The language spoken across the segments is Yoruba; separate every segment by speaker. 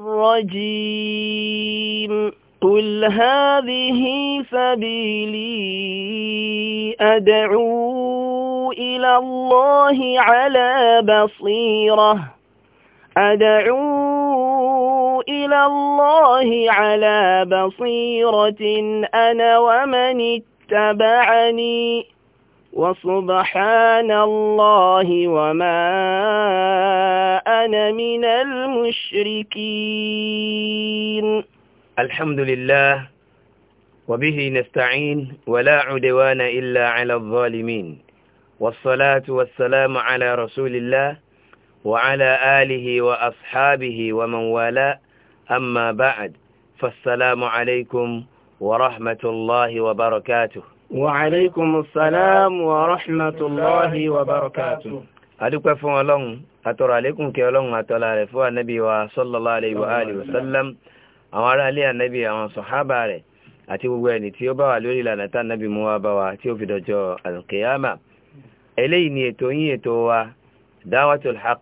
Speaker 1: الرجيم قل هذه سبيلي أدعو إلى الله على بصيرة أدعو إلى الله على بصيرة أنا ومن اتبعني وسبحان الله وما أنا من المشركين
Speaker 2: الحمد لله وبه نستعين ولا عدوان إلا على الظالمين والصلاة والسلام على رسول الله وعلى آله وأصحابه ومن والاه أما بعد فالسلام عليكم ورحمة الله وبركاته
Speaker 1: وعليكم السلام ورحمة الله وبركاته
Speaker 2: adúpẹ́ fún ọlọ́run àtọ̀rọ̀ àlékún كي ọlọ́run àtọ́lá rẹ̀ النبي ànábì الله عليه وآله وسلم. أمر علي النبي àwọn صحابة. ilé ànábì àwọn sọ̀hábà rẹ̀ àti gbogbo ẹni tí ó bá wà lórí ìlànà tá ànábì mú wa bá wa tí ó fi dọjọ́ alkiyama eléyìí ni ètò yín ètò wa dáwàtul haq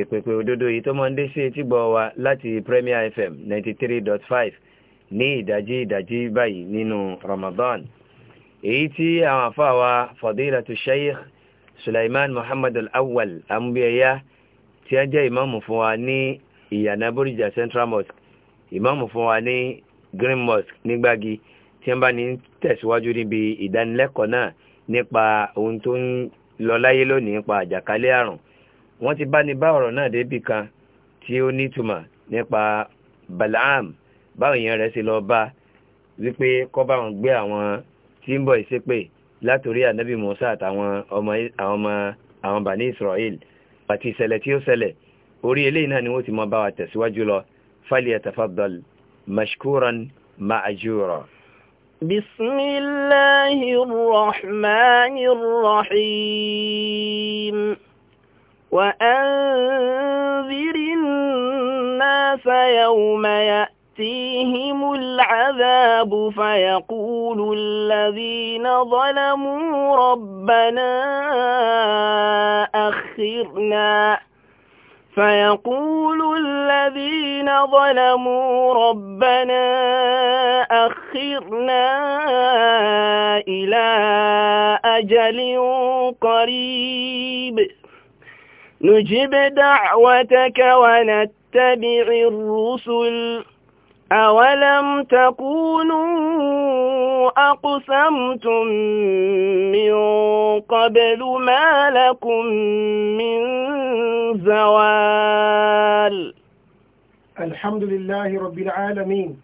Speaker 2: ìpèpè òdodo yìí tó máa ń dé sí etí gbọ́ wa láti Premier FM 93.5 ní ìdájí ìdájí báyìí nínú Ramadan èyí tí àwọn àfáàwà fadilatu sheikh suleiman muhammad al-awwal amúbíyẹyà tí a jẹ́ ìmáàmù fún wa ní ìyànà bóríjà central mosque ìmáàmù fún wa ní green mosque ní gbági tí wọ́n bá ní tẹ̀síwájú níbi ìdánilẹ́kọ̀ọ́ náà nípa ohun tó ń lọ láyé lónìí nípa àjàkálẹ̀ àrùn wọ́n ti bá ní bá ọ̀rọ̀ náà débì kan tí ó nítumọ̀ nípa Balaam báwọn èèyàn rẹ̀ ṣe lọ bá wípé kó bá wọn gbé àwọn tí ń bọ̀ ìṣépè látòrí ànábì Musa àtàwọn ọmọ bani Israel àti ìṣẹ̀lẹ̀ tí ó ṣẹlẹ̀ orí eléyìí náà ni wọ́n ti mọ bá wa tẹ̀síwájú lọ falyatafaddal mashkuran ma'ajura.
Speaker 1: بسم الله الرحمن الرحيم وأنذر الناس يوم يأتي يأتيهم العذاب فيقول الذين ظلموا ربنا أخرنا فيقول الذين ظلموا ربنا أخرنا إلى أجل قريب نجب دعوتك ونتبع الرسل أولم تكونوا أقسمتم من قبل ما لكم من زوال
Speaker 3: الحمد لله رب العالمين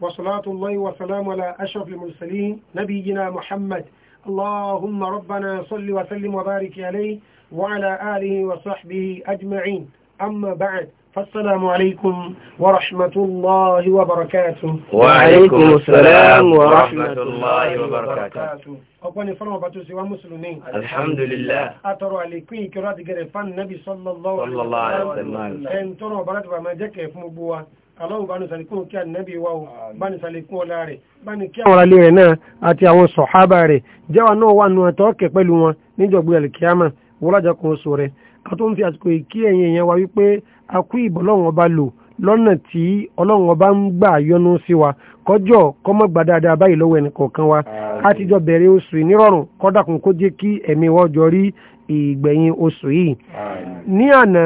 Speaker 3: وصلاة الله وسلام على أشرف المرسلين نبينا محمد اللهم ربنا صل وسلم وبارك عليه وعلى آله وصحبه أجمعين أما بعد فالسلام عليكم ورحمة الله وبركاته وعليكم السلام ورحمة
Speaker 2: الله وبركاته
Speaker 3: ọ̀pọ̀ ni fọ́nà ọba tó ṣe wá mùsùlùmí alhamdulillah àtọrọ àlékún ìkẹrọ àti gẹ̀rẹ̀ fán nábi sallallahu alaihi wasallam ẹn tọ́nà ọba láti bàmá jẹ́kẹ̀ fún gbogbo wa aláwọ̀ bá ní sàlékún kí ànábì wa o bá ní sàlékún ọlá rẹ̀ bá ní kí àwọn alẹ́ rẹ̀ náà àti àwọn sọ̀hábà rẹ̀ jẹ́wà náà wà nù àtọ́kẹ̀ pẹ̀lú wọn níjọ̀gbé alìkíyàmà wọ́lájà kan oṣù rẹ̀ a tó ń fi àsìkò ìkí ẹ̀yìn èèyàn wa wípé akú ìbọ̀lọ́wọ́n ọba lò lọ́nà tí ọlọ́run ọba ń gbà yọ́nú sí wa kọjọ́ kọ́mọ́ gbà dáadáa báyìí lọ́wọ́ wa a ti jọ bẹ̀rẹ̀ oṣù nírọ̀rùn kọ́dàkùn kó jẹ́ kí ẹ̀mí wa jọ rí ìgbẹ̀yìn oṣù yìí ní àná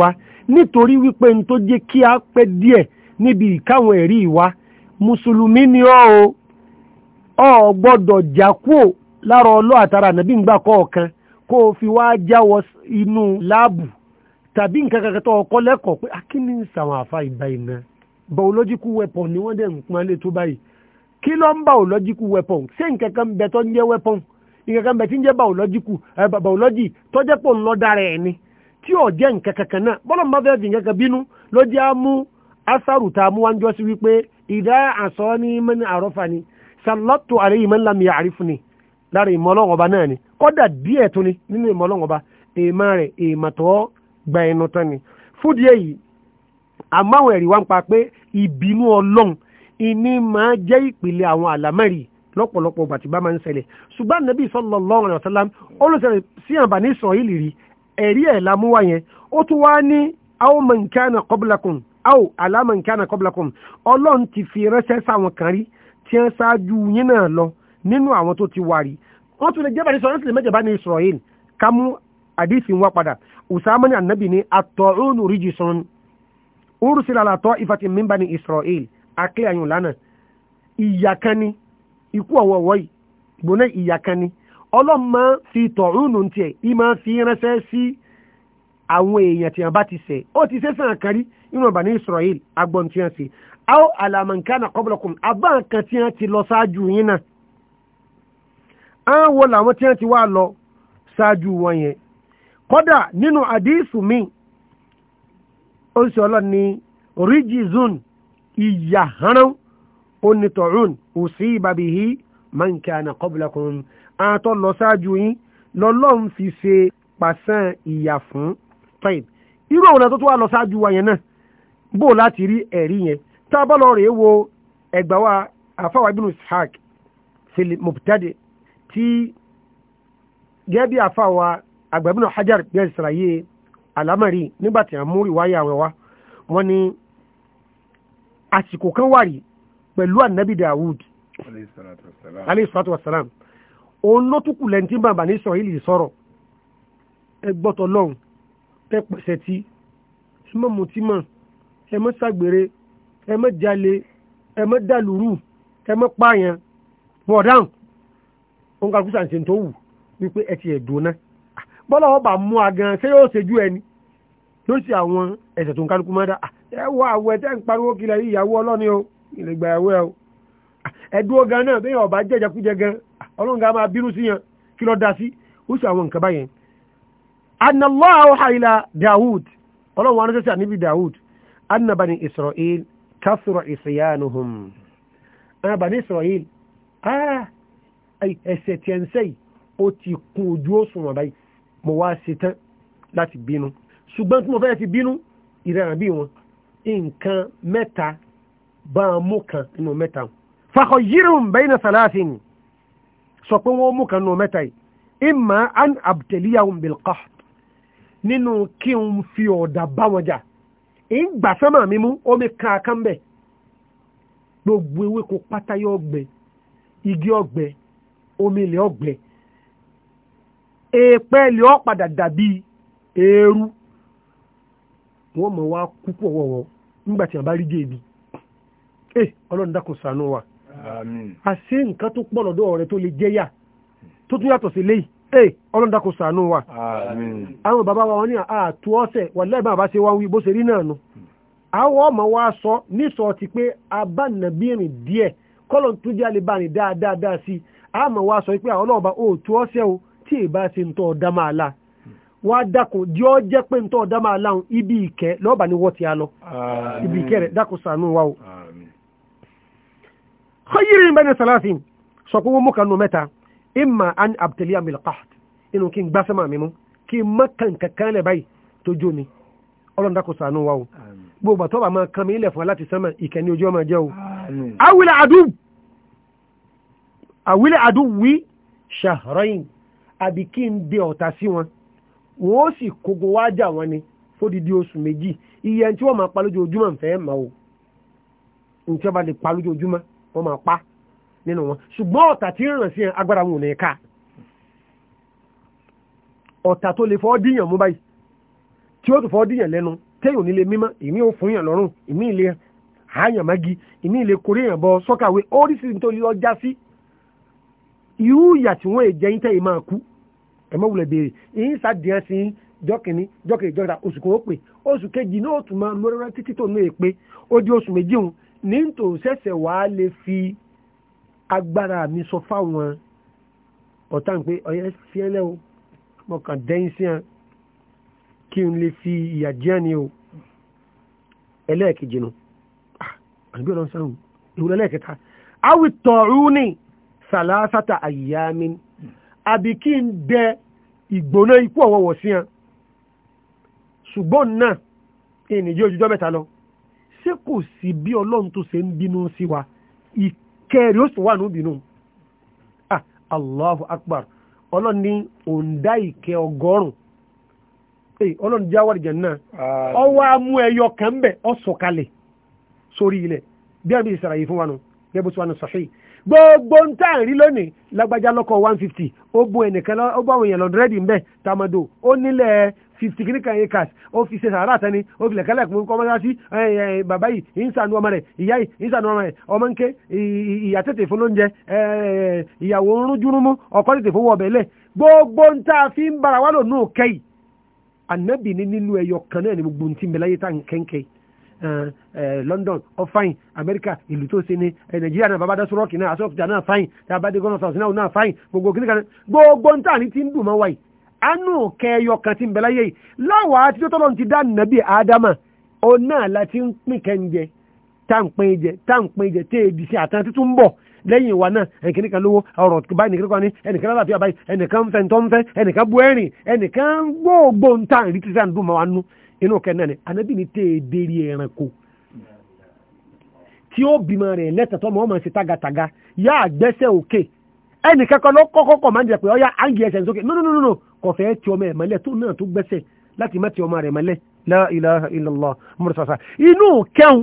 Speaker 3: wa nítorí wípé n tó jẹ́ kí a pẹ́ díẹ̀ níbi ìkáwọn wa mùsùlùmí ni ọ́ o ò gbọ́dọ̀ ọlọ́ àtàrà nàbí kó o fi wá jáwọ inú láàbù tàbí nǹkan kankan tó ọkọ lẹ́kọ̀ọ́ pé akíní ah, sàwọn àfa ìgbà iná biological weapon ni wọ́n dẹ̀ ń pọn lé tó báyìí kí ló ń biological weapon ṣé nǹkan kan bẹ tó ń jẹ́ weapon nǹkan kan bẹ tí ń jẹ́ biological eh, biology tó jẹ́ pò ń lọ ni tí ò jẹ́ nǹkan kankan náà bọ́lá máa fẹ́ fi nǹkan kan bínú ló jẹ́ á mú asaru tá a mú wájú sí wípé ìdá àsọ ní mẹ́ni àrọ́fà ni sàlọ́tò àríyìn mẹ́ni lámìyà àrífù ni lára ìmọ̀ ọlọ́run ọba náà ni kọ́dà díẹ̀ tó ni nínú ìmọ̀ ọlọ́run ọba èèmọ̀ rẹ̀ èèmọ̀ tó gba ẹnu tán ni fúdi èyí àmọ́ àwọn ẹ̀rí wa ń pa pé ìbínú ọlọ́run ìní máa jẹ́ ìpìlẹ̀ àwọn àlámẹ́rì lọ́pọ̀lọpọ̀ bàtí bá máa ń ṣẹlẹ̀ ṣùgbọ́n nàbí sallallahu alaihi wasallam olùsẹ̀rẹ̀ sí àǹfààní Ísírẹ́lì rí ẹ̀rí ẹ̀ lámúwá yẹn ó tún wá ní aw man kana qablakum aw ala man kana qablakum ọlọ́run ti fi ránṣẹ́ sáwọn kan rí tí wọ́n ṣáájú yín náà lọ nínú àwọn tó ti wà rí wọ́n tún lè jẹ́ bàdí sọ̀rọ̀ sílẹ̀ mẹ́jọba ní Israel kámú àdìsí wọn padà Usama ní ànábì ní atọ́rùn ríjìsọ̀n urusila àtọ́ ìfàtí mímbà ní Israel akẹ́ àyùn lánàá ìyà kan ni ikú ọ̀wọ̀wọ̀ yìí gbóná ìyà kan ni ọlọ́mọ fi tọ̀rùn tiẹ̀ ìmọ̀ fi ránṣẹ́ sí àwọn èèyàn tí wọ́n bá ti ṣẹ̀ ó ti sẹ́sàn kan rí ní Israel agbọ̀n tí wọ́n ṣe àwọn alàmọ̀ǹkà náà kọ́bùlọ̀kùn abáǹkan tí wọ́n ti lọ ṣáájú án wo làwọn tí wọ́n ti wá lọ ṣáájú wọn yẹn kódà nínú àdísù mi ó sì ọlọ́run ní rijizun ìyà haran onítọ̀rún òsì ìbàbíyí máa ń kí àná qablakum àtọ́ lọ ṣáájú yín lọ́lọ́run fi ṣe pàṣán ìyà fún tọ́yìn irú àwọn tó tó wà lọ ṣáájú wa yẹn náà bó láti rí ẹ̀rí yẹn tá a bá lọ rèé wo ẹgbàá wa àfáwà ibn Ishaq fil mubtadi' tí gẹ́bí àfàwà àgbàbínà hajar bẹ́ẹ̀ sàlàyé alámàrí a àmú ìwáyà rẹ̀ wá wọ́n ní àsìkò kan wà rí pẹ̀lú ànábì Dawud alayhi salatu wassalam òun ló túkù lẹ́ntí bàbá ní sọ̀rọ̀ ìlì sọ̀rọ̀ ẹgbọ́tọ̀ lọ́hùn ẹ pẹ̀sẹ̀ tí ẹ mọ́ mutí mọ́ ẹ mọ́ ṣàgbèrè ẹ mọ́ jalè ẹ mọ́ dàlúrú ẹ mọ́ pààyàn bọ̀dáhùn ó ń ká kúsà ṣe tó wù wípé ẹ ti ẹ̀dùn náà bọ́lá ọba mú a gan ṣé yóò ṣejú ẹni ló ṣe àwọn ẹ̀sẹ̀ tó ń kálukú máa dá ẹ wọ àwọ̀ ẹ̀ tẹ́ ń pariwo kílẹ̀ ìyàwó ọlọ́ni o ìlẹ̀gbà ẹ̀wọ́ ẹ̀ o ẹ̀dùn ogan náà bẹ́ẹ̀ ọba jẹ́jẹkújẹ gan ọlọ́run gan máa bínú sí yẹn kí lọ́ọ́ da sí ó ṣe àwọn nǹkan báyẹn. anàlọ́ àwọn àìlà ọlọ́run wọn ránṣẹ́ sí ẹsẹ̀ tí ẹ ń sẹ́yìí ó ti kún ojú òṣùwọ̀n báyìí mo wá ṣetán láti bínú ṣùgbọ́n tí mo fẹ́ fi bínú ìrẹ̀ràn bí wọn nǹkan mẹ́ta bá a mú kan nínú mẹ́ta fakọ̀ yírùn bayna salasin sọ pé wọ́n mú kan nínú mẹ́ta yìí imma an abtaliahum bil nínú kí n fi ọ̀dà bá wọn jà ń gbà mi mú omi kan akán gbogbo ewéko pátá yọ ọgbẹ igi ọgbẹ omi ilẹ̀ ọ̀gbẹ èèpẹ̀ ilẹ̀ ọ̀padà dàbí eérú wọ́n mọ̀ wá kú pọ̀ wọ̀wọ́ nígbà tí rí jèbi eh ọlọ́run dákun wa àṣé nǹkan tó pọ̀ lọ́dọ̀ rẹ tó lè jẹ́yà tó tún yàtọ̀ sí léyìí eh, ọlọ́run dákun wa àwọn bàbá wa wọn ní àtú ọ̀sẹ̀ ṣe wá wí bó ṣe rí náà nu ọmọ wa a mọ̀ wá sọ pé àwọn ọlọ́ọ̀bá ó tú ọ́sẹ́ o tí ìbá ṣe ń tọ́ ọ̀dá máa la wá dákun jẹ́ ọ jẹ́ pé ń tọ́ ọ̀dá máa láhùn ibi ìkẹ́ lọ́ọ̀bà ni wọ́n ti á lọ ibi ìkẹ́ rẹ̀ dákun ṣàánú wa o. kọ́yìrì bẹ́ẹ̀ ni sọ pé wọ́n mú kanú mẹ́ta ìmà an abtaliya bil qahd inú kí n gbá sẹ́mà mi kí n má kàn kankan lẹ̀ báyìí tó jó ni ọlọ́run dákun ṣàánú wa o gbogbo àtọ́wà àwílẹ̀ àdúwí wi àbí kí n dé ọ̀tá sí wọn wọn ó sì kógun wá jà wọn ni fódìdí oṣù méjì iye ẹni tí wọ́n máa pa lójoojúmọ́ ma o ní tí wọ́n bá lè pa lójoojúmọ́ máa pa nínú wọn ṣùgbọ́n ọ̀tá tí ń ràn sí agbára wọn ò ní ká ọ̀tá tó lè fọ́ díyàn mú báyìí tí ó tún fọ́ díyàn lẹ́nu téèyàn nílé mímọ́ ìmí ò fún yàn lọ́rùn ìmí ìlé àyàn ìmí ìlé sọ́kàwé oríṣiríṣi irú ya tí wọ́n èjẹ́ yín tẹ́yìn máa kú ẹ má wulẹ̀ béèrè yín sàdíyàn sí jọ́kìnní jọ́kìnní jọ́kìnní oṣù kan ó pè oṣù kejì náà tún máa lórí rẹ títí tó náà pé ó di oṣù méjì òun ní tò wàá lè fi agbára mi sọ fáwọn ọ̀tá ń pé ọ̀yẹ́ fiẹ́lẹ́ o mo kàn dẹ́yìn sí ẹ kí n lè fi ìyà jẹ́ ni o ẹlẹ́ẹ̀kejì àbí ah, ni. sàlásàtà àyàmín àbí kí n dẹ ìgbóná ikú ọ̀wọ̀wọ̀ sí hàn ṣùgbọ́n náà ènìyàn òjijọ́ mẹ́ta lọ ṣé kò sí bí ọlọ́run tó ṣe ń sí wa ìkẹrì ó wà ní ah allahu akbar ọlọ́run ní òǹdá ìkẹ ọgọ́rùn ọlọ́run jẹ́ àwárí ọwọ́ amú ẹyọ kan bẹ̀ ọ̀sọ̀kalẹ̀ sórí ilẹ̀ bí a bí fún wa nù gbogbo ń tà ń rí lónìí lágbájá lọ́kọ̀ one fifty ó bó ẹnìkan ó bó àwọn èèyàn lọ dúrẹ́dì ń bẹ̀ tamado ó nílẹ̀ fifty kìíní kan acres ó fi ṣe sàárà tani ó fi lẹ̀kẹ́lẹ̀ kún kọ́ mọ́sáàsì bàbá yìí ń sànú ọmọ rẹ̀ ìyá yìí ń sànú ọmọ rẹ̀ ọmọ ń ké ìyá tètè fún lóúnjẹ ìyàwó ń rún júrúmú ọkọ tètè fún wọ̀ọ̀bẹ̀ lẹ̀ gbogbo ń tà fi ń bara wà lónìí òkè ni gbogbo ń ti ń bẹ láyé tá Eh, eh, London ọ fáìn Amẹ́ríkà ìlú tó ṣe ni eh, Nàìjíríà náà bàbá dásúrọ́ kìnnà àsọ́kùtà náà fáìn tá a bá dé gọ́nà sàwọ́sí náà náà fáìn gbogbo kìnnì kan gbogbo ń tà ní ti ń dùn mọ́ wáyì anú kẹyọ kan ti ń bẹ̀láyé yìí láwọ̀ àti tó tọ́lọ́ ti dá nàbí Ádámà òun náà la ti ń pín kẹ́ńjẹ táǹpín jẹ táǹpín jẹ téèdì sí àtàn títún bọ̀ lẹ́yìn ìwà náà ẹnìkan lówó ọ̀rọ̀ báyìí nìkan kan ní ẹnìkan lálàáfíà báyìí ẹnìkan fẹ́ ń ẹnìkan bu ẹ̀rìn ẹnìkan gbóògbó ń tà àdúgbò máa wá inú kẹ́ náà ni ànábì ní tèè dérí ẹranko tí ó bímọ rẹ̀ lẹ́tọ̀tọ́ mọ́ ọmọ sí tagataga yá àgbẹ́sẹ̀ òkè ẹnì kẹ́kọ̀ọ́ ló kọ́kọ́ kọ̀ máa ń jẹ pé ọyá áńgì ẹsẹ̀ sókè nínú kò fẹ́ ti ọmọ ẹ̀ mọ́lẹ̀ tó náà tó gbẹ́sẹ̀ láti má ti ọmọ rẹ̀ mọ́lẹ̀ la ilaha illallah mọ̀rọ̀sọ̀sà inú kẹ́hùn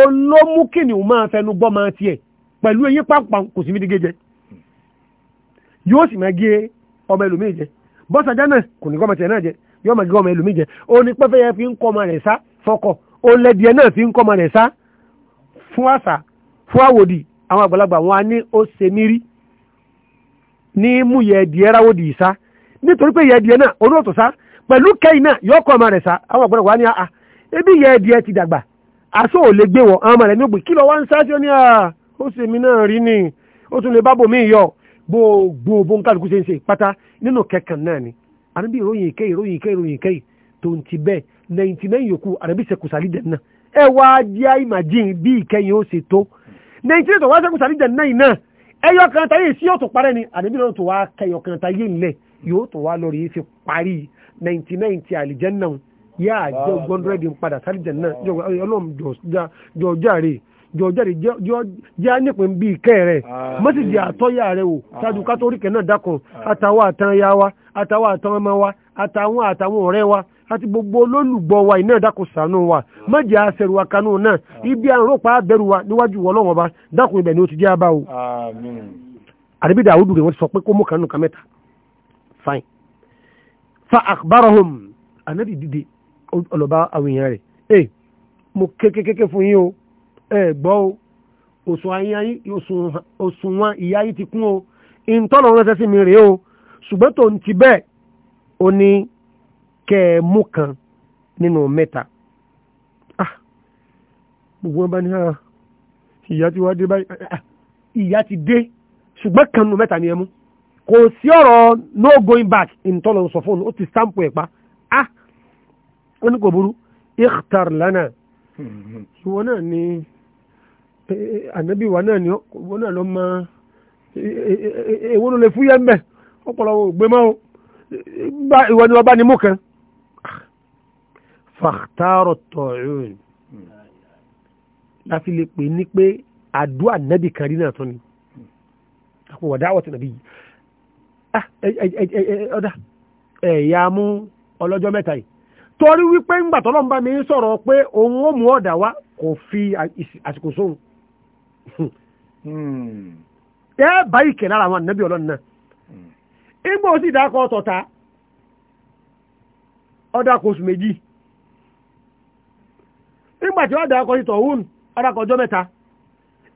Speaker 3: olómúkìnì máa fẹnu gbọ́ máa tiẹ̀ pẹ̀lú eyín pàǹpàǹ kò sí mídígé jẹ yóò sì máa gé ọmọ ẹlòmíì jẹ bọ́sàjá náà kò ní gọ́mọ̀tì náà jẹ yọmọ gẹ́gẹ́ ọmọ ẹlòmíì jẹ òní pẹ́fẹ́ yẹn fi ń kọ́ ọmọ rẹ̀ sá fọkọ̀ òun lẹ́dìẹ náà fi ń kọ́ ọmọ rẹ̀ sá fún àṣà fún àwòdì àwọn àgbàlagbà wọn á ní ó ṣe nírí ní mú yẹ ẹdìẹ ráwòdì sá nítorí pé yẹ ẹdìẹ náà òun sá pẹ̀lú kẹ́yìn náà yọ ọkọ̀ ọmọ rẹ̀ sá àwọn àgbàlagbà wọn á ní àà ah, ebi yẹ ẹdìẹ ti dàgbà aṣọ ò lè gbé wọ àwọn ọmọ rẹ̀ ní ògbè kí lọ wá ń sáṣọ ní ah, ó sì mí ni ó tún ànábì ìròyìn ìkẹ́ ìròyìn ìkẹ́ ìròyìn ìkẹ́ tó ń ti bẹ́ẹ̀ ninety nine yòókù ànábì sẹ̀kùsàlì dẹ̀ náà ẹ wá jẹ́ àìmàjìn bí ìkẹyìn ó ṣe tó ninety nine tó wá sẹ̀kùsàlì dẹ̀ náà náà ẹyọ kan táyé sí yóò tó parẹ́ ni ànábì náà tó wá kẹyọ kan táyé ńlẹ̀ yóò tó wá lọ rí fi parí ninety nine ti àlìjẹ́nnà yá àjọ gbọ́ndúrẹ́dì ń padà sálìjẹ́nnà ọlọ́run jọ̀ọ́járe jọjọ́rì jẹ́ nípin bí ìkẹ́ rẹ̀ mọ́sídìí àtọ́yà rẹ̀ wò ṣáájú kátóríkẹ̀ náà dákun àtàwọn àtàn ya wa àtàwọn àtàwọn ọmọ wa àtàwọn àtàwọn ọ̀rẹ́ wa àti gbogbo olólùgbọ́ wa iná dákun ṣàánú wa má jẹ́ àṣẹrù wa náà ibi àrùnrọ̀pá abẹ́rù wa níwájú Ọlọ́run bá dákun ibẹ̀ ni ó ti jẹ́ abá o. àdébí dàwúdù rẹ̀ wọ́n ti sọ pé kó mú kanú kan mẹ́ta fine fa akhbarahum anabi dìde ọlọ́ba àwọn èèyàn rẹ̀ ẹ mo kékeré fún yín o ẹ gbọ́ o òṣùwọ̀n ìyá yìí ti kún o ìtọ́lọ́run rẹ̀ sẹ́sìn mi rèé o ṣùgbọ́n tó ń ti bẹ́ẹ̀ ó ní kẹ́ ẹ mú kan nínú mẹ́ta ah, gbogbo wọn bá ní ah, ìyá ti wá dé báyìí ah, ìyá ti dé ṣùgbọ́n kan nínú mẹ́ta ni ẹ mú kò sí ọ̀rọ̀ no going back in tọ́lọ̀ sọ fóònù ó ti stamp ẹ̀ pa ah ó ní kò burú ikhtar lana ìwọ náà ni eh, eh, ànábì wa náà ni ìwọ náà lọ mọ èwo eh, ló lè fúyẹ́ mbẹ́. ọ̀pọ̀lọpọ̀ ògbé ìwọ ni wọ́n bá ní mú kan fàtàrọ̀ tọ̀rọ̀ láti lè pè ní pé kan rí náà ni nàbí ah, torí wípé ńgbà mi sọ̀rọ̀ pé òun ó mú fi àsìkò sóhun hmm. ẹ báyìí kẹ̀ lára àwọn igbó osi dákọ̀ ọ̀tọ̀ta ọtọ taa méjì nígbàtí ọ̀dà akọ̀ sí tọ̀hún ọ̀dàkọ̀ ọjọ́ mẹ́ta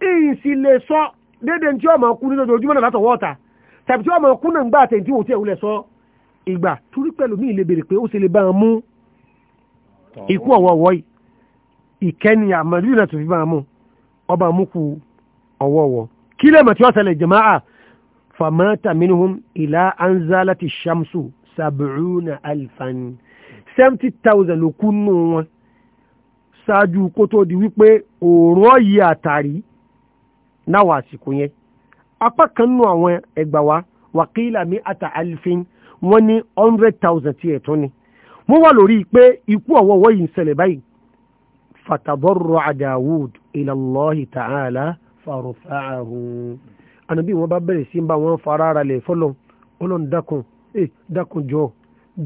Speaker 3: ìyìn sì lè sọ déédéé tí ọmọ kú nínú ojoojúmọ́ náà látọ̀wọ́ ọ̀tà tàbí tí ọmọ kú náà ń gbà àtẹ̀yìntì wò sọ ìgbà torí pẹ̀lú mí lè béèrè pé ó sì lè bá wọn mú ikú ọ̀wọ̀ọ̀wọ́ ìkẹ́ni àmọ́ ìlú ìrìnàtò fi bá wọn kí lè mọ̀ tí فمات منهم إلى an الشمس سبعون sab'una alfan seventy thousand ló kú nù wọn ṣáájú kó tó di wípé òòrùn ọ̀yẹ́ àtàrí náwọn àsìkò yẹn apá kan nù àwọn ẹgbà wa wàkílà mi ata alfin wọ́n ní hundred thousand tiẹ̀ tún ni wọ́n wà lórí pé ikú ọ̀wọ́wọ́ yìí ń ṣẹlẹ̀ báyìí fatadarra Dawud ila Allahi ànábì wọn bá bẹ̀rẹ̀ sí ń bá wọn fara ara lẹ̀ fọlọ́n ọlọ́run dákun ẹ dákun jọ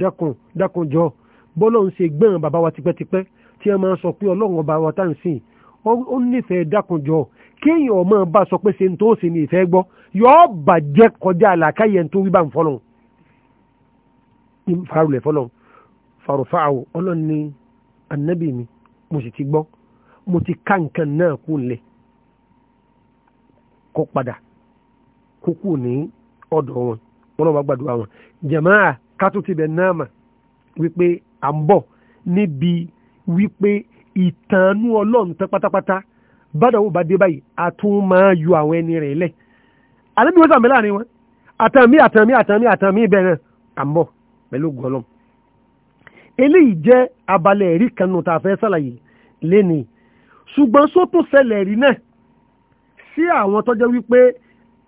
Speaker 3: dákun dákun jọ bọ́lọ́run ṣe gbẹ̀ràn bàbá wa tipẹ́tipẹ́ tí ẹ máa sọ pé ọlọ́run ọba wa tá à ń sìn ó nífẹ̀ẹ́ dákun jọ kéèyàn ọmọ bá sọ pé ṣe ń tó ṣe ní ìfẹ́ gbọ́ yọ́ọ́ bàjẹ́ kọjá àlàkáyé ń tó wí bá ń fọlọ́n farulẹ̀ fọlọ́n farufaawo ọlọ́run ní ànábì mi mo sì ti gbọ́ mo ti ká nǹkan náà kú lẹ̀ kó padà kókó ní ọ̀dọ̀ wọn wọn náà wá gbàdúrà wọn jàmáà kátó ti bẹ̀ náà mà wípé à ń bọ̀ níbi wípé ìtànú ọlọ́run tán pátápátá bádàwó bá dé báyìí a tún máa yọ àwọn ẹni rẹ̀ lẹ̀ àlẹ́ bí wọ́n sàmì láàrin wọn àtàmì àtàmì àtàmì àtàmì ìbẹ̀rẹ̀ à ń bọ̀ pẹ̀lú gọlọ́m eléyìí jẹ́ abalẹ̀ ẹ̀rí kanu tá a fẹ́ sàlàyé lénìí ṣùgbọ́n sótún ṣẹlẹ̀ rí náà sí àwọn tọ́jọ́ wípé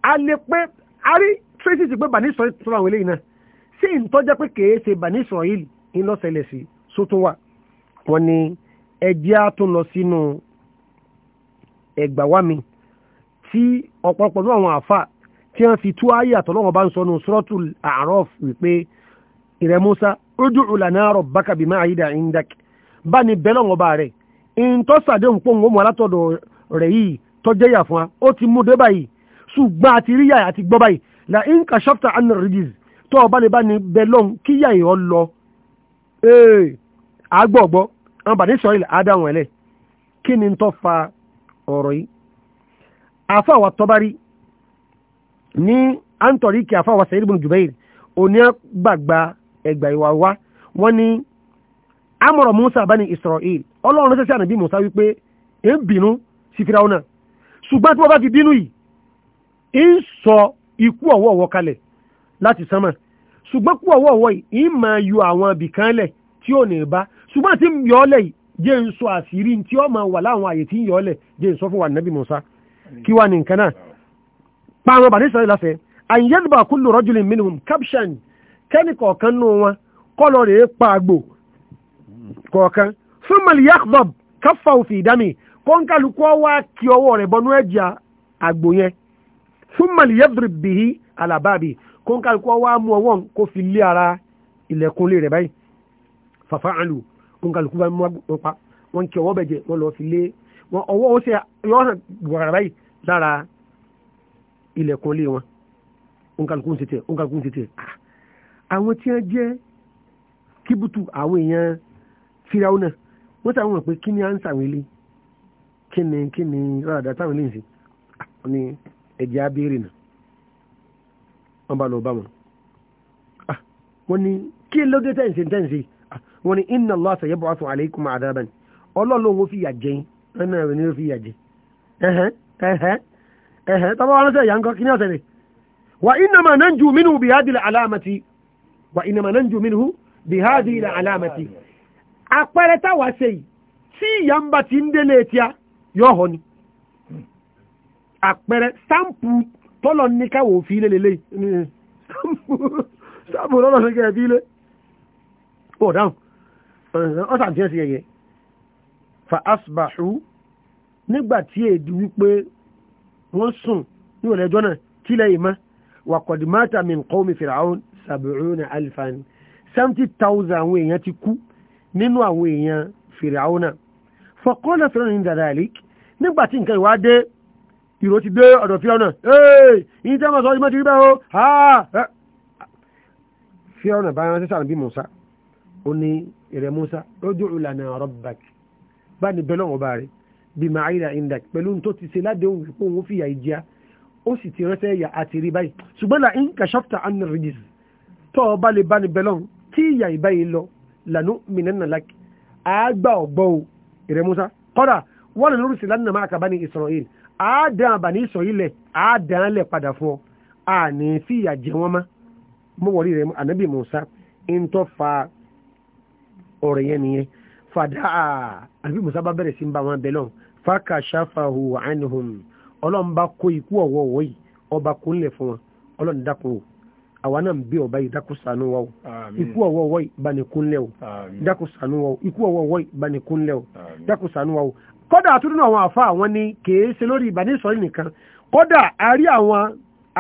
Speaker 3: a lè pé a rí tracy ti pé bani sọ ìtura àwọn eléyìí náà sí ìtọ́jẹ́ pé kèé ṣe bani Israel ìlọ́sẹ̀lẹ̀ sí sótún wà wọ́n ní ẹjẹ́ á tún lọ sínú ẹgbàá wa mi tí ọ̀pọ̀lọpọ̀ ní àwọn àfà tí wọ́n fi tú ayé àtọ̀lọ́wọ́n bá ń sọ nù sọ́rọ́tù A'raf wípé ìrẹ́ Musa ojú ìlànà rabbaka bima àyídà indak bá ní bẹ́ẹ̀ lọ́wọ́ bá rẹ̀ ìǹtọ́sàdéhùn pòǹgó mu alátọ̀dọ̀ rẹ̀ yìí tọ́jẹ́yà fún wa ó ti mú dé báyìí ṣùgbọ́n àti rí yàyà àti gbọ́ báyìí la inca shafta anna ridges tó ọba lè bá ní belong kí yàyà ọ lọ agbọ̀gbọ́ àwọn bàdé sọ̀rọ̀ ilẹ̀ adáwọn ẹlẹ́ kí ni tó fa ọ̀rọ̀ yìí àfàwà tọ́bárí ní antori kí àfàwà Sa'id ibn Jubair òní gbàgbà ẹgbà ìwà wá wọ́n ní amara Musa bani Israel ọlọ́run rẹ̀ sẹ́sẹ́ ànàbí Musa wípé èébìnú sí Fíráúnà ṣùgbọ́n tí wọ́n bá ti bínú yìí ń sọ ikú ọ̀wọ̀ọ̀wọ̀ kalẹ̀ láti sánmà ṣùgbọ́n kú ọ̀wọ̀ọ̀wọ̀ yìí ń máa yọ àwọn ibì tí ò ní bá ṣùgbọ́n tí ń yọ yìí jẹ́ ń sọ àṣírí tí ó máa wà láwọn àyè tí ń yọ jẹ́ ń sọ fún wa nàbí Musa kí wà ní nǹkan náà pa àwọn bàdé sọ̀rọ̀ láfẹ́ àyẹ̀dùbà kúlù rọ́jùlì minimum caption kẹ́nì kọ̀ọ̀kan nù wọn kọ́lọ̀ rèé pa àgbò kọ̀ọ̀kan fún mọ̀lìyàkbọ̀b káfà òfin ìdámì kọ́ńkàlùkọ́ wá kí ọwọ́ rẹ̀ bọnú ẹ̀jẹ̀ àgbò yẹn súnmọ́ lìyẹ́dùrù bìí alábàbí kó ń kálukú wá mú ọwọ́ kó fi lé ara ilẹ̀kùn lé rẹ̀ báyìí fàfà àlù kó ń kálukú bá mú wọn pa wọn kí ọwọ́ bẹ̀jẹ̀ wọn lọ fi lé wọn ọwọ́ ó ṣe yọ ọ̀sán gbọ̀gàrà báyìí lára ilẹ̀kùn wọn ó ń kálukú ń tètè ó ń kálukú ń tètè ah! àwọn tí wọn jẹ́ kíbùtù àwọn èèyàn fíráwọn náà wọ́n tàwọn mọ̀ pé kí ni à ń sàwọn ilé kí ni kí ni táwọn ilé ń ẹ̀jẹ̀ abéèrè nà wọ́n bá lọ bá wọn. Ah, wọ́n ní kí ló dé tẹ̀sí tẹ̀sí ah, wọ́n ní inna Allah sayab'athu alaykum adaban ọlọ́run ó fi yà jẹ́ yín ẹ̀nà rẹ̀ ni ó fi yà jẹ́ ẹ̀hẹ́ ẹ̀hẹ́ ẹ̀hẹ́ tọ́ba wọn sẹ́yà ńkọ́ kí ni ọ̀sẹ̀ rẹ̀ wa innama nanju minhu bihadi alamati wa innama nanju minhu bihadi alamati apẹrẹ táwa ṣe yìí tí ìyá ń bá ti ń délé e tíá yóò họ ni àpẹẹrẹ sáǹpù tọ́lọ̀ ní káwò fi ilé lélẹ̀ sáàbù lọ́nà sí kẹ́ẹ̀ fi ilé ó dáhùn ọ́sà tí ó sì yẹ̀yẹ̀ fa asbahu nígbà tí èdè wípé wọ́n sùn ní ọ̀lẹ́ ẹjọ́ náà kí lẹ́yìn mọ́ wà kọ̀dìmáta min qawmi fìràún sàbẹ̀rún alifan seventy thousand àwọn èèyàn ti kú nínú àwọn èèyàn fìràún náà fọ̀kọ́lẹ̀ fìràún ní dàdàlík nígbà tí nǹkan ìwádé ìró ti dé ọ̀dọ̀ fíọ́nà ee yìí tẹ́ mọ̀ sọ ìmọ̀ ti rí bẹ́ẹ̀ o fíọ́nà bá yẹn sísà bí Musa ó ní ìrẹ̀ Musa lójú ìlànà rabbak bá ní bẹ́ẹ̀ lọ́wọ́ bá rẹ̀ bí máa ayé ìdá pẹ̀lú tó ti ṣe ládéhùn wípé òun fìyà ìjìyà ó sì ti ránṣẹ́ ìyà àti rí báyìí ṣùgbọ́n là ń kàṣọ́fta anna rijis tó o bá lè bá ní bẹ́ẹ̀ lọ́wọ́ tí ìyà ìbáyìí lọ lànà mìíràn lákì àgbà ọ̀gbọ́ ìrẹ̀ Musa kọ́dà wọ́n lè lórí sí lánàá máa kà bá ní Israel àádán àbàní ìsọ̀ ilẹ̀ àádán lẹ̀ padà fún ọ àní fìyà jẹ wọn mọ́ mo wọ̀rí rẹ̀ ànábì Musa ń tọ́ fa ọ̀rọ̀ yẹn nìyẹn fàdá ànábì Musa bá bẹ̀rẹ̀ sí ń bá wọn bẹ̀ ànihùn ọlọ́run bá kó ikú ọ̀wọ́ ọ̀wọ́ ọba fún wọn ọlọ́run dákun ọba yìí dákun ikú ọ̀wọ́ yìí dákun ikú ọ̀wọ́ yìí dákun kódà àtúndùn àwọn àfa àwọn ni kìí ṣe lórí ìbánisọ̀rọ̀ nìkan kódà a rí àwọn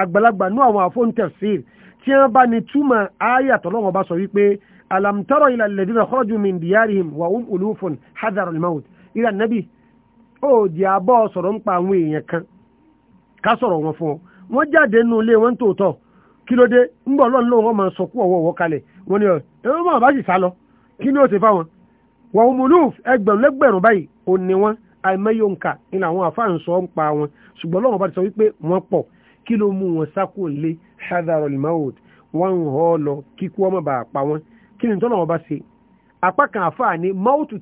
Speaker 3: àgbàlagbà nú àwọn àfọ́n tafsir tí wọ́n bá ní túmọ̀ àyà tọ́lọ́wọ́n bá sọ wípé alam tara ila alladhina kharaju min diyarihim wa hum ulufun hadhara al-maut ila nabi ó di àbọ̀ sọ̀rọ̀ ń pa àwọn èèyàn kan ká sọ̀rọ̀ wọn fún ọ wọ́n jáde nínú ilé wọn tòótọ́ kí ló dé ń bọ̀ wọ́n múlùf ẹgbẹ̀rún lẹ́gbẹ̀rún báyìí ò ní wọn àìmọye nǹka ní àwọn àfáàn sọ ń pa wọn ṣùgbọ́n lọ́wọ́ bá ti sọ wípé wọ́n pọ̀ kí ló mú wọn sákò lé hadaro limaud wọ́n ń họ́ lọ kíkú ọmọ bá pa wọn kí ni tọ́lọ́wọ́ bá ṣe apá kan àfáà ní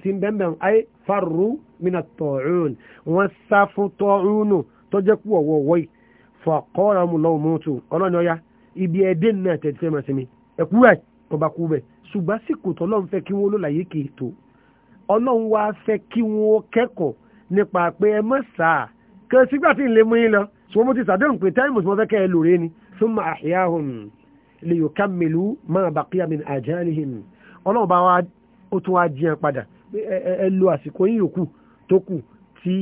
Speaker 3: ti ń bẹ́ẹ̀mẹ̀rún ayé faru mina tọ̀ọ̀rún wọ́n sá fún tọ̀ọ̀rún tó jẹ́ kú ọ̀wọ́ ṣùgbọ́n síkò tọ́lọ́ fẹ́ kí wọ́n lò láyé kì í tó ọlọ́run wá fẹ́ kí wọn kẹ́kọ̀ọ́ nípa pé ẹ mọ̀ sáà kí ẹ sígbà tí ń lè mú yín lọ ṣùgbọ́n mo ti sàdéhùn pé táìmù tí wọ́n fẹ́ kẹ́ ẹ lòrè ni thumma ahyahum li yukammilu ma baqiya min ajalihim ọlọ́run bá wa ó tún wá jí ẹ padà ẹ lo àsìkò yín yòókù tó kù tí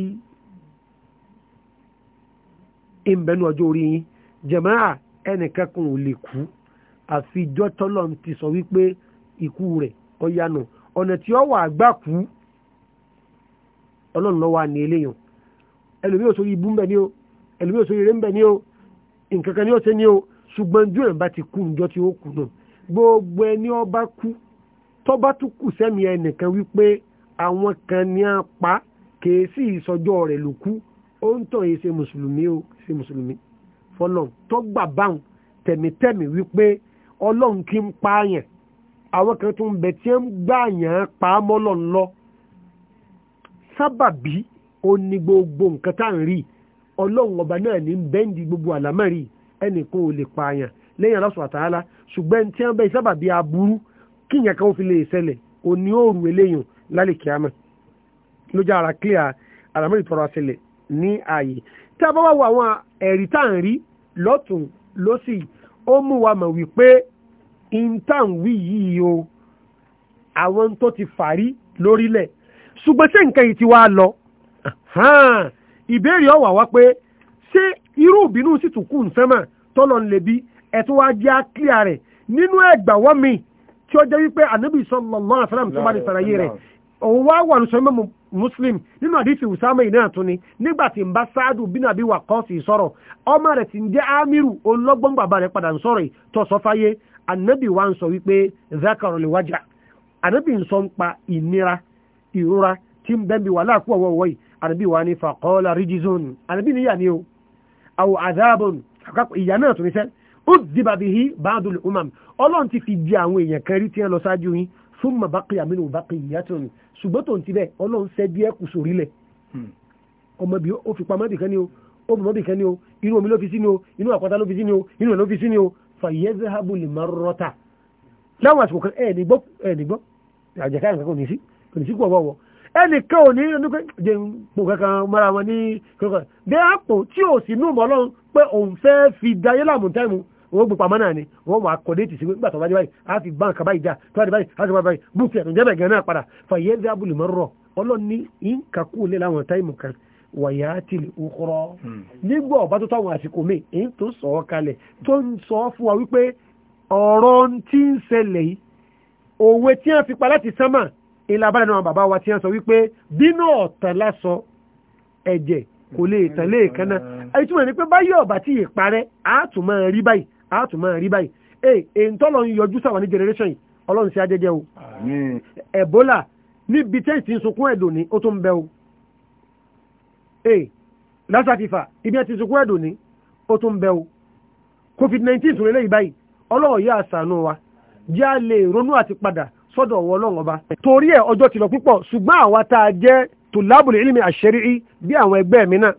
Speaker 3: ìbẹ̀nu ọjọ́ orí yín jàmáà ẹnìkan ò lè kú àfijọ́ tọ́lọ́run ti sọ wípé ikú rẹ̀ ó yánu ọ̀nà tí ó wà gbàkú ọlọ́run lọ́wọ́ àní eléyàn ẹlòmí ò sórí ibú ń bẹ ní o ẹlòmí ò sórí eré ń bẹ ní o nǹkan kan ní ó ṣe ní o ṣùgbọ́n ju ẹ̀ bá ti kú níjọ́ tí ó kù náà gbogbo ẹni ọba kú tọ́ba tún kù sẹ́mi ẹnìkan wípé àwọn kan ní a pa kèé sí ìsọjọ́ rẹ̀ ló kú ó ń tàn yìí ṣe mùsùlùmí ó ṣe mùsùlùmí fọlọ́n tọ́gbà báwọn tẹ̀mítẹ̀mí wípé ọlọ́run kí ń pààyàn àwọn kan tó ń bẹ tí ń gbàyàn pamọ́ lọ́nlọ́ sábàbí ó ní gbogbo nǹkan tá à ń rí ọlọ́run ọba náà ní bẹ́ǹdì gbogbo àlámẹ́rì ẹnìkan ò lè pààyàn lẹ́yìn aláṣọ àtàlá ṣùgbọ́n tí wọ́n bẹ sábàbí aburú kíyàn kan fi lè ṣẹlẹ̀ ò ní òòrùn eléyìn lálẹ́ kíámẹ́ ló ara clear àlámẹ́rì tọrọ àṣẹlẹ̀ ní ààyè tí a bá wà wọ àwọn ẹ̀rí tá à ń rí lọ́tùn lọ́sì ó mú wa mọ̀ wípé ìntànwí yìí o àwọn tó ti fàrí lórílẹ̀ ṣùgbọ́n ṣé nǹkan ti wá lọ ìbéèrè ọ̀wà wá pé ṣé irú ìbínú sì tún kù ń sẹ́mà tọ́lọ̀ ń lè ẹ̀tún wá jẹ́ àkíyà rẹ̀ nínú ẹ̀gbà wọ́n mi tí ó jẹ́ wípé ànábì tó bá ní rẹ̀ òun muslim nínú àdífi usama yìí tún ni nígbà tí ń bá sáádù ti ń jẹ́ amiru ológbọ́n bàbá rẹ̀ padà ń anabi wa ń sọ wípé zakaro lè wájà anabi ń sọ ń pa ìnira ìrora tí ń bẹ́ẹ̀ bí wà láàkú ọ̀wọ́ ọ̀wọ́ yìí anabi wa ní fàkọ́ọ́lá rijizon anabi níyà ni o àwọ̀ azabon ìyá náà tún ní sẹ́ ó dìbà bí i báàdùn umam ọlọ́run ti fi jẹ àwọn èèyàn kan rí tí lọ ṣáájú yín súnmọ́ bákìyà mínú bákìyà tó ní ṣùgbọ́n tó ń ti bẹ́ẹ̀ ọlọ́run ṣẹ́ díẹ̀ kù sórí lẹ̀ hmm. ọmọ bí ó fi pamọ́ bìkan ni o ó bùmọ́ bìkan ni o inú omi ló fi sí ni o inú àpáta ló fi sí ni o inú ẹ̀ ló fi sí ni o fàyẹ́zẹ́hábù lè máa rọ́ta láwọn àsìkò kan ẹni gbọ́ ẹni gbọ́ àjẹká ẹ̀ka kò ní sí kò ní sí pọ̀ bọ̀wọ̀ ẹni kan ò ní ẹni pé jẹ pò kankan mara wọn ní kankan bí a pò tí ò sí núùmọ̀ ọlọ́run pé òun fẹ́ fi dayé láàmú táìmù wọ́n gbé pamọ́ náà ni wọ́n wà kọ́déètì sí nígbà bá dé báyìí a fi báǹkà báyìí já tó bá dé báyìí a ti báyìí búùkì ẹ̀tùn gan náà padà fàyẹ́zẹ́hábù lè máa rọ̀ ọlọ́run wàyáàtì òkúrọ́ hmm. nígbà ọ̀bá tó táwọn àsìkò mi èyí tó sọ ọ́ kalẹ̀ tó ń sọ fún wa wípé ọ̀rọ̀ tí ń ṣẹlẹ̀ yìí òwe tí wọ́n fi pa láti sánmà ilé abáyẹnú àwọn bàbá wa tí wọ́n sọ wípé bínú ọ̀tàn lásọ ẹ̀jẹ̀ kò lè tàn lé ìkànnà ìtumọ̀ ni pé báyọ̀ ọ̀bá tí ì parẹ́ àátùn máa rí báyìí àátùn máa ee lásàkìfà ibi ẹ ti sunkún ẹ̀dùn ní ó tún bẹ́ o covid-19 tún lélẹ́yìí báyìí ọlọ́run yóò àṣàánú wa jẹ́ a lè ronú àti padà sọ́dọ̀ ọ̀wọ́ ọlọ́run torí ẹ ọjọ́ ti lọ púpọ̀ ṣùgbọ́n àwa tá a jẹ́ ìlímì bí àwọn ẹgbẹ́ mi náà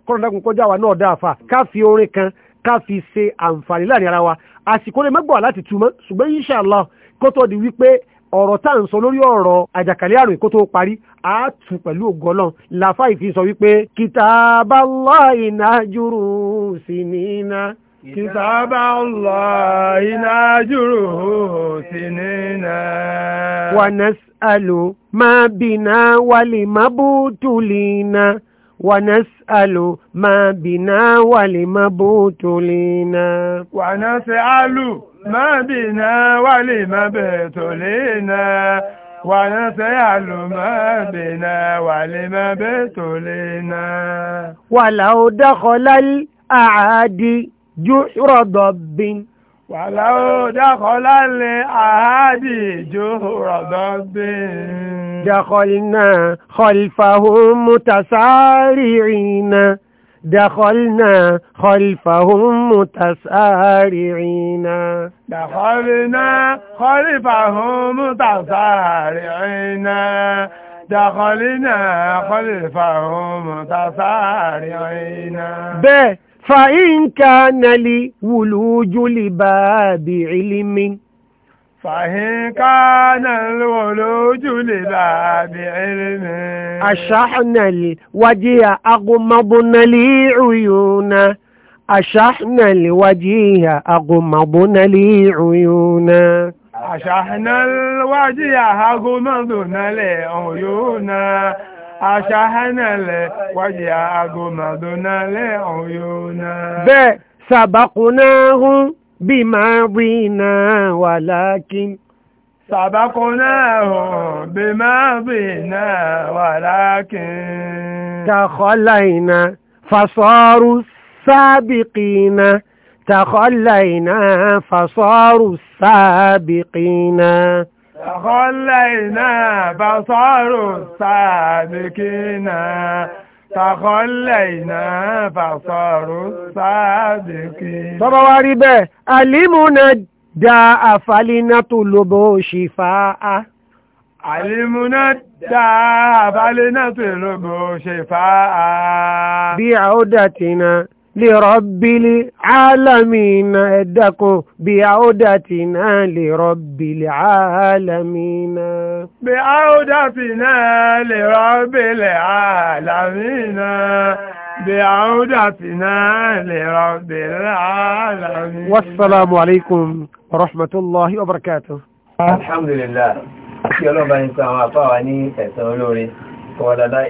Speaker 3: kọjá wa náà dáa ká fi orin kan ká fi se àǹfààní láàrin ara wa àsìkò lè túmọ̀ ṣùgbọ́n ọ̀rọ̀ tá à ń sọ lórí ọ̀rọ̀ àjàkálẹ̀ àrùn kó tó parí a tù pẹ̀lú ògọ́lọ́n làfà ìfi sọ wípé kitaballahi najuru
Speaker 4: sinina. kitaballahi najuru sinina. wa
Speaker 3: nas'alu ma bina wali mabutulina. ونسأل ما بنا
Speaker 4: ولمبوتلنا ونسأل ما بنا ولم بتلينا ونسيعل ما بنا ولم بتلينا
Speaker 3: ولو دخل الأعادي جحر ضب
Speaker 4: ولو دخل الأعادي جحر ضب
Speaker 3: دخلنا خلفهم متسارعين دخلنا
Speaker 4: خلفهم متسارعين دخلنا خلفهم متسارعين دخلنا خلفهم متسارعين ب فإن كان لي ولوج لباب علم فإن كان الولوج لباب علم
Speaker 3: أشحن الوجه أغمضن لي عيونا أشحن الوجه أغمضن لي عيونا
Speaker 4: أشحن الوجه أغمضن لي عيونا أشحن الوجه أغمضن لي عيونا بسبقناهم بماضينا ولكن سبقناهم بماضينا ولكن
Speaker 3: تخلينا فصاروا السابقين تخلينا فصاروا السابقين
Speaker 4: تخلينا فصاروا السابقين Tàkọ́lẹ̀nà fàṣọrò sáàbìkì.
Speaker 3: Tọ́bá wá rí bẹ́ẹ̀, àlímúnà da àfàlínà tó
Speaker 4: lóbó ṣìfà á. Àlímúnà da àfàlínà tó lóbó ṣìfà á. Bí
Speaker 3: àódà tìǹà. لرب العالمين ادكم بعودتنا لرب
Speaker 4: العالمين بعودتنا لرب العالمين بعودتنا لرب العالمين والسلام
Speaker 3: عليكم ورحمة الله وبركاته
Speaker 4: الحمد لله يلا بنسى ما فاوني اتولوري ولا لا